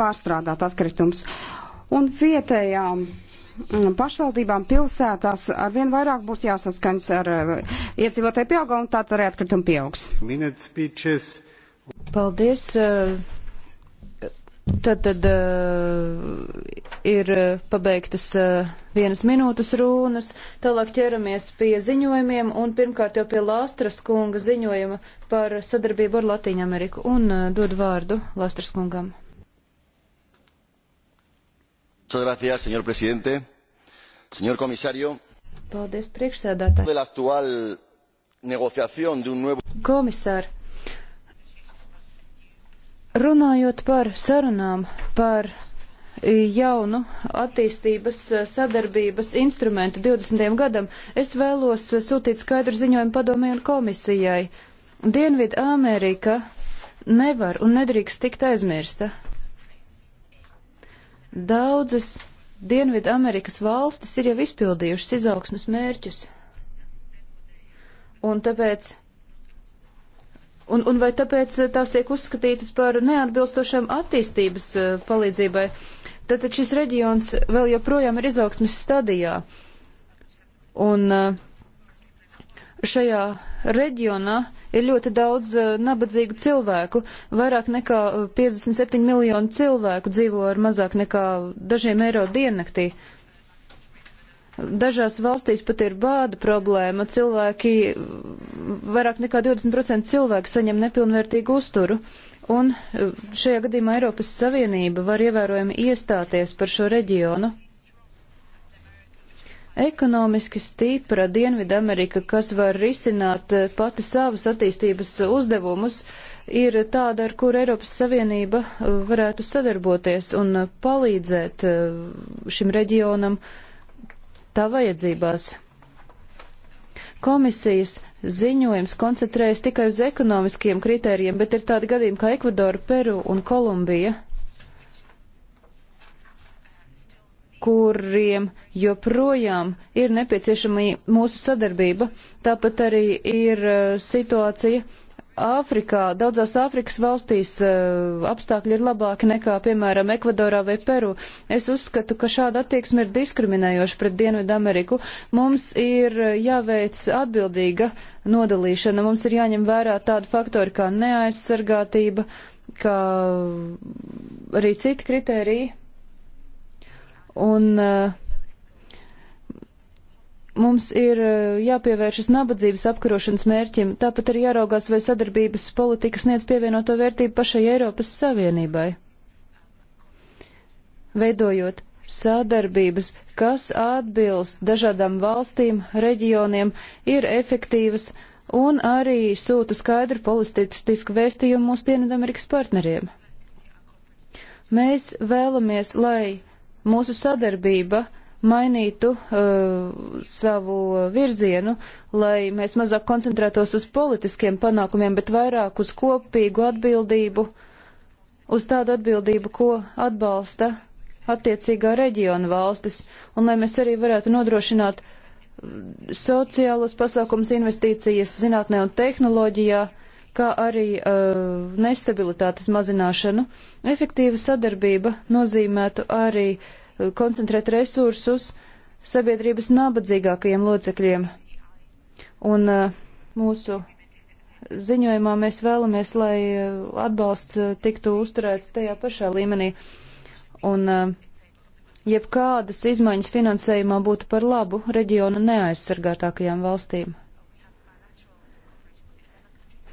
pārstrādāt atkritumus. Un vietējām mm, pašvaldībām pilsētās arvien vairāk būs jāsaskaņas ar eh, iedzīvotāju pieaugumu, un tā arī atkritumi pieaugs. Paldies. Tad, tad eh, ir eh, pabeigtas vienas minūtes runas, tālāk ķeramies pie ziņojumiem un pirmkārt jau pie Lāstras kunga ziņojuma par sadarbību ar Latīņu Ameriku un dod vārdu Lāstras kungam. Gracias, señor presidente. Señor komisārio. Paldies, priekšsēdētāji. De la actual negociación de un nuevo. Komisār, runājot par sarunām par jaunu attīstības sadarbības instrumentu 20. gadam, es vēlos sūtīt skaidru ziņojumu padomē un komisijai. Dienvidu Amerika nevar un nedrīkst tikt aizmirsta. Daudzas Dienvidu Amerikas valstis ir jau izpildījušas izaugsmas mērķus. Un tāpēc Un, un vai tāpēc tās tiek uzskatītas par neatbilstošām attīstības eh, palīdzībai? Tātad šis reģions vēl joprojām ir izaugsmes stadijā. Un eh, šajā reģionā ir ļoti daudz eh, nabadzīgu cilvēku. Vairāk nekā 57 eh, miljonu cilvēku dzīvo ar mazāk nekā dažiem eiro diennaktī. Dažās valstīs pat ir bāda problēma. Cilvēki, vairāk nekā 20% cilvēku saņem nepilnvērtīgu uzturu. Un eh, šajā gadījumā Eiropas Savienība var ievērojami iestāties par šo reģionu ekonomiski stipra Dienvidamerika, kas var risināt eh, pati savus attīstības uzdevumus, ir tāda, ar kur Eiropas Savienība eh, varētu sadarboties un eh, palīdzēt šim reģionam tā vajadzībās. Komisijas ziņojums koncentrējas tikai uz ekonomiskiem kritērijiem, bet ir tādi gadījumi kā Ekvadora, Peru un Kolumbija. kuriem joprojām ir nepieciešama mūsu sadarbība. Tāpat arī ir e, situācija Āfrikā. Daudzās Āfrikas valstīs e, apstākļi ir labāki nekā, piemēram, Ekvadorā vai Peru. Es uzskatu, ka šāda attieksme ir diskriminējoša pret Dienvidu Ameriku. Mums ir e, jāveic atbildīga nodalīšana. Mums ir jāņem vērā tādi faktori kā neaizsargātība, kā arī citi kritēriji Un uh, mums ir eh, jāpievēršas nabadzības apkarošanas mērķim, tāpat arī jāraugās, vai sadarbības politika sniedz pievienoto vērtību pašai Eiropas Savienībai. Veidojot sadarbības, kas atbilst dažādām valstīm, reģioniem, ir efektīvas un arī sūta skaidru politisku vēstījumu mūsu Dienvidamerikas partneriem. Mēs vēlamies, lai mūsu sadarbība mainītu uh, savu virzienu, lai mēs mazāk koncentrētos uz politiskiem panākumiem, bet vairāk uz kopīgu atbildību, uz tādu atbildību, ko atbalsta attiecīgā reģiona valstis, un lai mēs arī varētu nodrošināt uh, sociālos pasākums, investīcijas zinātnē un tehnoloģijā, uh, kā arī uh, nestabilitātes mazināšanu. Efektīva sadarbība nozīmētu arī uh, koncentrēt resursus sabiedrības nabadzīgākajiem locekļiem. Un uh, mūsu ziņojumā mēs vēlamies, lai uh, atbalsts uh, tiktu uzturēts tajā pašā līmenī. Un uh, jebkādas izmaiņas finansējumā būtu par labu reģiona neaizsargātākajām valstīm.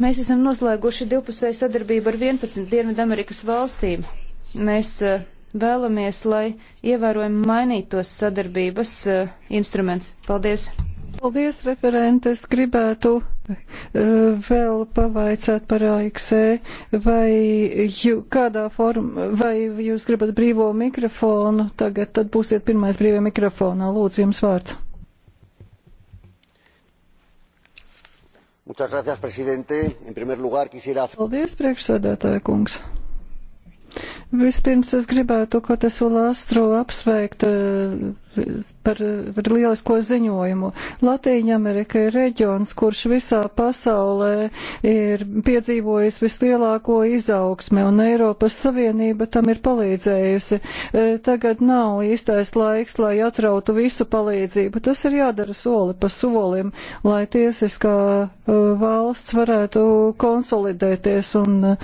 Mēs esam noslēguši divpusēju sadarbību ar 11 Dienvidamerikas valstīm. Mēs uh, vēlamies, lai ievērojami mainītos sadarbības uh, instruments. Paldies! Paldies, referente! Es gribētu e, vēl pavaicāt par AXE, vai, jū, kādā forma, vai jūs gribat brīvo mikrofonu, tagad tad būsiet pirmais brīvajā mikrofonā. Lūdzu, jums vārds. Gracias, presidente. En primer lugar, quisiera... Paldies, priekšsēdētāja kungs. Vispirms es gribētu Kotesu Lastro apsveikt eh, par lielisko ziņojumu. Latīņa Amerika ir reģions, kurš visā pasaulē ir piedzīvojis vislielāko izaugsmi, un Eiropas Savienība tam ir palīdzējusi. E, tagad nav īstais laiks, lai atrautu visu palīdzību. Tas ir jādara soli pa solim, lai tiesiskā e, valsts varētu konsolidēties un e,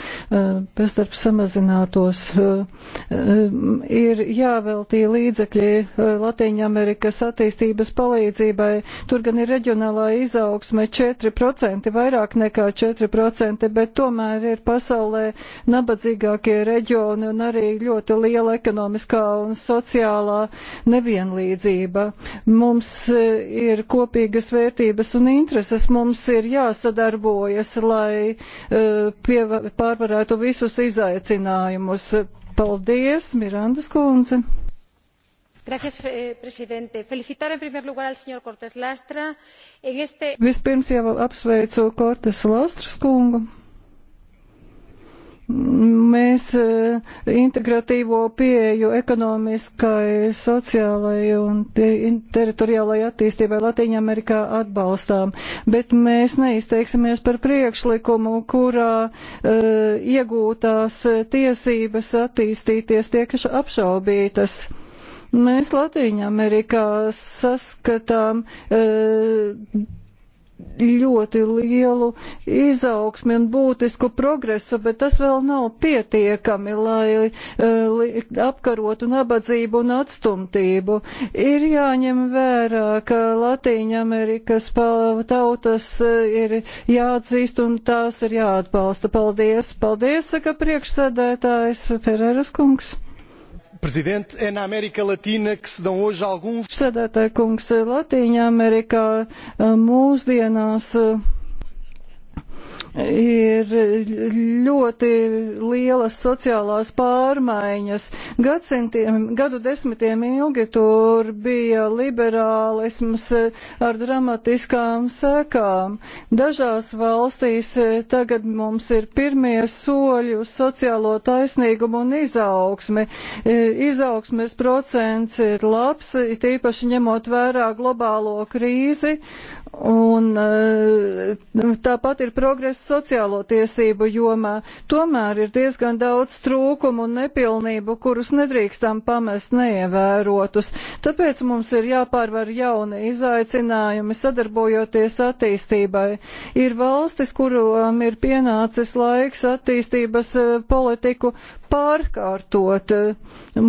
bezdarbs samazinātos. Ir jāveltī līdzekļi Latīņa Latīņamerikas attīstības palīdzībai. Tur gan ir reģionālā izaugsme 4%, vairāk nekā 4%, bet tomēr ir pasaulē nabadzīgākie reģioni un arī ļoti liela ekonomiskā un sociālā nevienlīdzība. Mums eh, ir kopīgas vērtības un intereses, mums ir jāsadarbojas, lai uh, pārvarētu visus izaicinājumus. Paldies, Mirandas kundze! señor eh, presidente felicitar en primer lugar al señor cortés lastra en este. vispirms jau apsveicu kortesu lastras kungu. Mēs eh, integratīvo pieeju ekonomiskai, sociālai un teritoriālai attīstībai Latīņamerikā atbalstām, bet mēs neizteiksimies par priekšlikumu, kurā uh, iegūtās tiesības attīstīties tiek apšaubītas. Mēs Latvijā-Amerikā saskatām e, ļoti lielu izaugsmi un būtisku progresu, bet tas vēl nav pietiekami, lai uh, apkarotu nabadzību un atstumtību. Ir jāņem vērā, ka Latīņa Amerikas tautas e, ir jāatzīst un tās ir jāatbalsta. Paldies! Paldies, saka priekšsēdētājs Ferreras kungs! Presidente, é na América Latina que se dão hoje alguns. Sēdētāji kungs, Latīņa Amerikā mūsdienās. Uh, ir ļoti lielas sociālās pārmaiņas. Gadsimtiem, gadu desmitiem ilgi tur bija liberālisms ar dramatiskām sekām. Dažās valstīs tagad mums ir pirmie soļi uz sociālo taisnīgumu un izaugsmi. E, izaugsmes procents ir labs, tīpaši ņemot vērā globālo krīzi Un eh, tāpat ir progress sociālo tiesību jomā. Tomēr ir diezgan daudz trūkumu un nepilnību, kurus nedrīkstam pamest neievērotus. Tāpēc mums ir jāpārvar jauni izaicinājumi sadarbojoties attīstībai. Ir valstis, kurām ir pienācis laiks attīstības eh, politiku pārkārtot.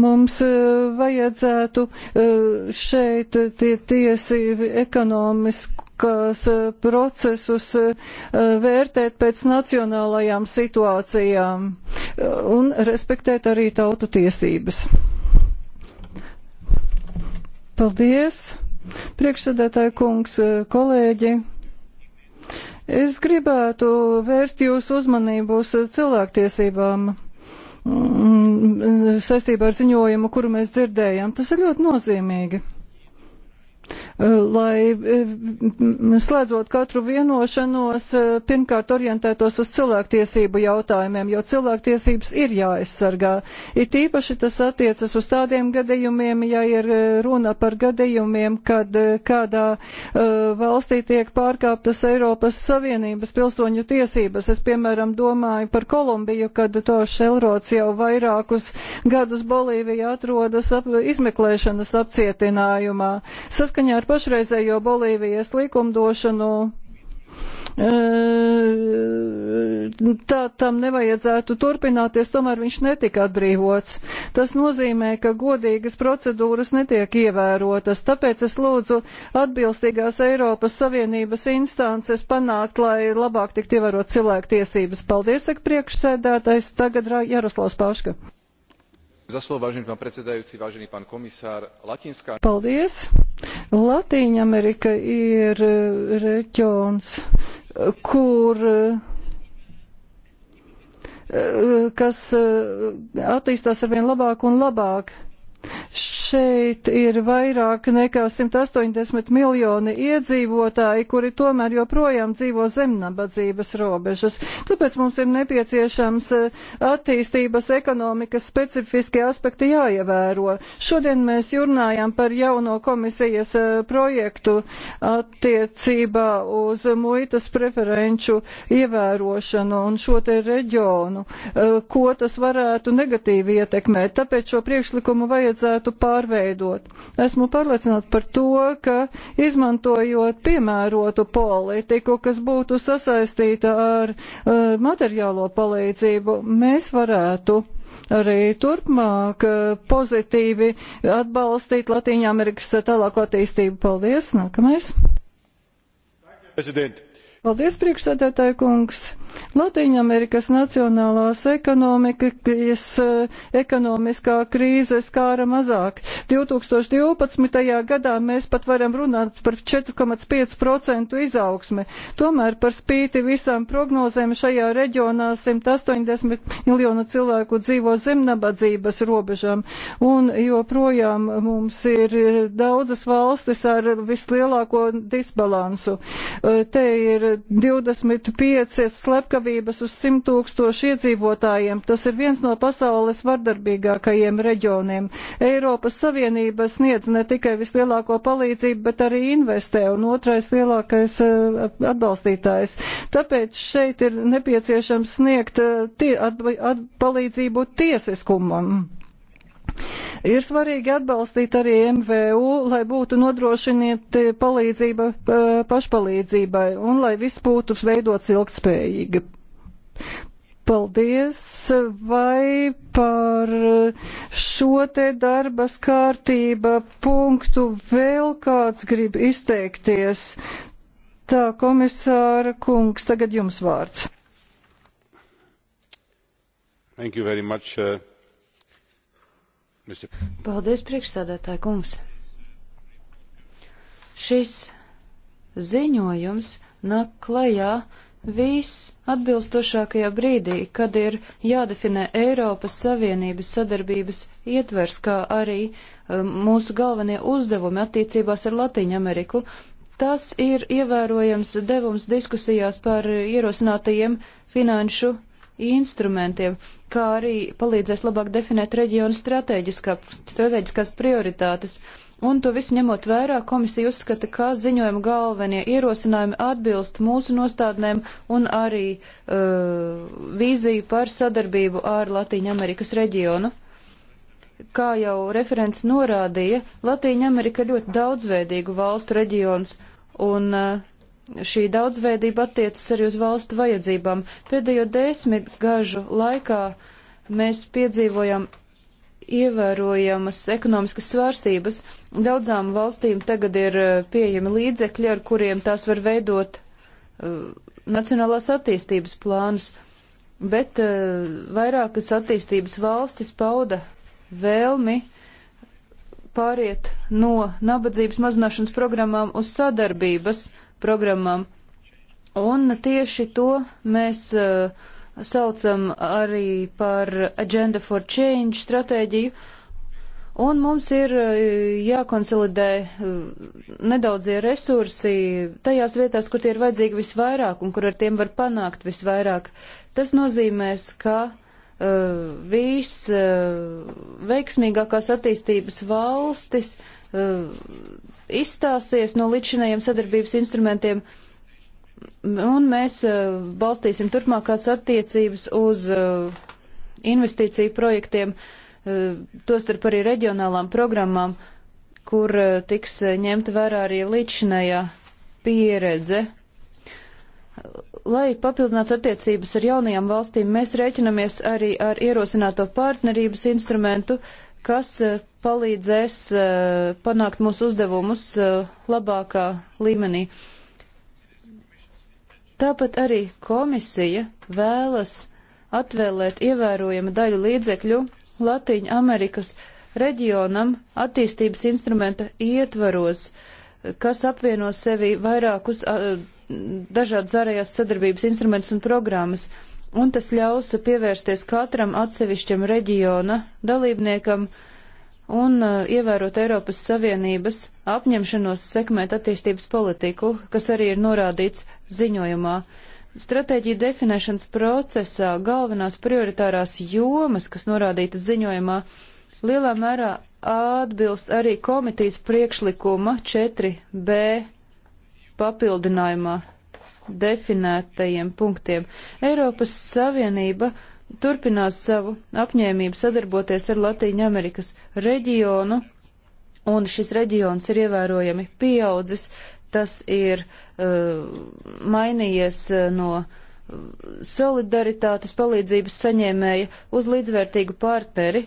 Mums eh, vajadzētu šeit tie tiesi ekonomisku politikas eh, procesus eh, eh, vērtēt pēc nacionālajām situācijām un respektēt arī tautu tiesības. Paldies, priekšsēdētāji kungs, kolēģi. Es gribētu vērst jūsu uzmanību uz cilvēktiesībām mm, saistībā ar ziņojumu, kuru mēs dzirdējām. Tas ir ļoti nozīmīgi. Eh, lai eh, slēdzot katru vienošanos, eh, pirmkārt orientētos uz cilvēktiesību jautājumiem, jo cilvēktiesības ir jāaizsargā. It īpaši tas attiecas uz tādiem gadījumiem, ja ir runa par gadījumiem, kad kādā valstī tiek pārkāptas Eiropas Savienības pilsoņu tiesības. Es, piemēram, domāju par Kolumbiju, kad to Šelrots jau vairākus gadus Bolīvija atrodas ap, izmeklēšanas apcietinājumā. Saska saskaņā ar pašreizējo Bolīvijas likumdošanu e, tā tam nevajadzētu turpināties, tomēr viņš netika atbrīvots. Tas nozīmē, ka godīgas procedūras netiek ievērotas, tāpēc es lūdzu atbilstīgās Eiropas Savienības instances panākt, lai labāk tiktu ievērot cilvēku tiesības. Paldies, saka priekšsēdētājs, tagad Jaroslavs Paška. Paldies! Latīņamerika ir e, reģions, kur e, e, kas attīstās arvien labāk un labāk. Šeit ir vairāk nekā 180 miljoni iedzīvotāji, kuri tomēr joprojām dzīvo zem nabadzības robežas. Tāpēc mums ir nepieciešams eh, attīstības ekonomikas specifiskie aspekti jāievēro. Šodien mēs runājam par jauno komisijas eh, projektu attiecībā uz muitas preferenču ievērošanu un šo te reģionu, eh, ko tas varētu negatīvi ietekmēt. Tāpēc šo priekšlikumu vajag vajadzētu pārveidot. Esmu pārliecināta par to, ka izmantojot piemērotu politiku, kas būtu sasaistīta ar uh, materiālo palīdzību, mēs varētu arī turpmāk eh, pozitīvi atbalstīt Latīņu Amerikas tālāko attīstību. Paldies! Nākamais! Paldies, priekšsēdētāji kungs! Latīņamerikas nacionālās ekonomikas eh, ekonomiskā krīze skāra mazāk. 2012. gadā mēs pat varam runāt par 4,5% izaugsmi. Tomēr par spīti visām prognozēm šajā reģionā 180 miljonu cilvēku dzīvo zem nabadzības robežām. Un joprojām mums ir daudzas valstis ar vislielāko disbalansu. Eh, te ir 25 slēpšanas slepkavības uz 100 tūkstošu iedzīvotājiem. Tas ir viens no pasaules vardarbīgākajiem reģioniem. Eiropas Savienība sniedz ne tikai vislielāko palīdzību, bet arī investē un otrais lielākais eh, atbalstītājs. Tāpēc šeit ir nepieciešams sniegt eh, tie, at, at, palīdzību tiesiskumam. Ir svarīgi atbalstīt arī MVU, lai būtu nodrošiniet palīdzība pašpalīdzībai un lai viss būtu veidots ilgtspējīgi. Paldies! Vai par šo te darbas kārtība punktu vēl kāds grib izteikties? Tā, komisāra kungs, tagad jums vārds. Thank you very much. Uh... Paldies, priekšsādātāji kungs. Šis ziņojums nāk klajā viss atbilstošākajā brīdī, kad ir jādefinē Eiropas Savienības sadarbības ietvers, kā arī um, mūsu galvenie uzdevumi attiecībās ar Latīņu Ameriku. Tas ir ievērojams devums diskusijās par ierosinātajiem finanšu instrumentiem, kā arī palīdzēs labāk definēt reģionu strateģiskā, strateģiskās prioritātes. Un to visu ņemot vērā, komisija uzskata, ka ziņojuma galvenie ierosinājumi atbilst mūsu nostādnēm un arī uh, vīziju par sadarbību ar Latīņu Amerikas reģionu kā jau referents norādīja, Latīņa Amerika ļoti daudzveidīgu valstu reģions, un uh, Šī daudzveidība attiecas arī uz valstu vajadzībām. Pēdējo desmit gažu laikā mēs piedzīvojam ievērojamas ekonomiskas svārstības. Daudzām valstīm tagad ir eh, pieejami līdzekļi, ar kuriem tās var veidot uh, nacionālās attīstības plānus, bet uh, vairākas attīstības valstis pauda vēlmi pāriet no nabadzības mazināšanas programmām uz sadarbības programmām. Un tieši to mēs uh, saucam arī par Agenda for Change stratēģiju. Un mums ir uh, jākonsolidē uh, nedaudzie resursi tajās vietās, kur tie ir vajadzīgi visvairāk un kur ar tiem var panākt visvairāk. Tas nozīmēs, ka uh, visveiksmīgākās uh, attīstības valstis uh, Uh, izstāsies no līdzinējiem sadarbības instrumentiem, un mēs uh, balstīsim turpmākās attiecības uz uh, investīciju projektiem, tostarp arī reģionālām programmām, kur tiks ņemta vērā arī līdzinējā pieredze. Lai papildinātu attiecības ar jaunajām valstīm, mēs rēķinamies arī ar ierosināto partnerības instrumentu, uh, kas eh, palīdzēs eh, panākt mūsu uzdevumus eh, labākā līmenī. Tāpat arī komisija vēlas atvēlēt ievērojama daļu līdzekļu Latīņu Amerikas reģionam attīstības instrumenta ietvaros, kas apvienos sevi vairākus dažādus ārējās sadarbības instrumentus un programmas. Uh, un tas ļaus pievērsties katram atsevišķam reģiona dalībniekam un uh, ievērot Eiropas Savienības apņemšanos sekmēt attīstības politiku, kas arī ir norādīts ziņojumā. Stratēģija definēšanas procesā galvenās prioritārās jomas, kas norādītas ziņojumā, lielā mērā atbilst arī komitejas priekšlikuma 4b papildinājumā definētajiem punktiem. Eiropas Savienība turpinās savu apņēmību sadarboties ar Latīņu Amerikas reģionu, un šis reģions ir ievērojami pieaudzis. Tas ir uh, mainījies uh, no uh, solidaritātes palīdzības saņēmēja uz līdzvērtīgu partneri,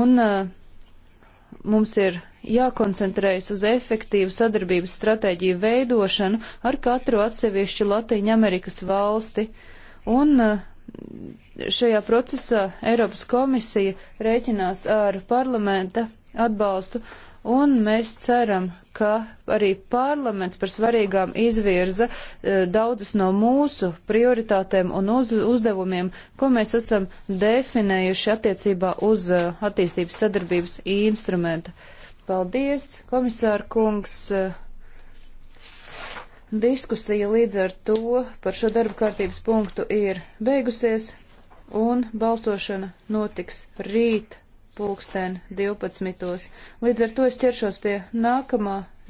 un uh, mums ir jākoncentrējas uz efektīvu sadarbības stratēģiju veidošanu ar katru atsevišķu Latīņu Amerikas valsti. Un eh, šajā procesā Eiropas komisija rēķinās ar parlamenta atbalstu, un mēs ceram, ka arī parlaments par svarīgām izvirza eh, daudzas no mūsu prioritātēm un uz, uzdevumiem, ko mēs esam definējuši attiecībā uz eh, attīstības sadarbības instrumentu. Uh, Paldies, komisāra kungs. Diskusija līdz ar to par šo darba kārtības punktu ir beigusies, un balsošana notiks rīt pulksten 12. Līdz ar to es ķeršos pie nākamā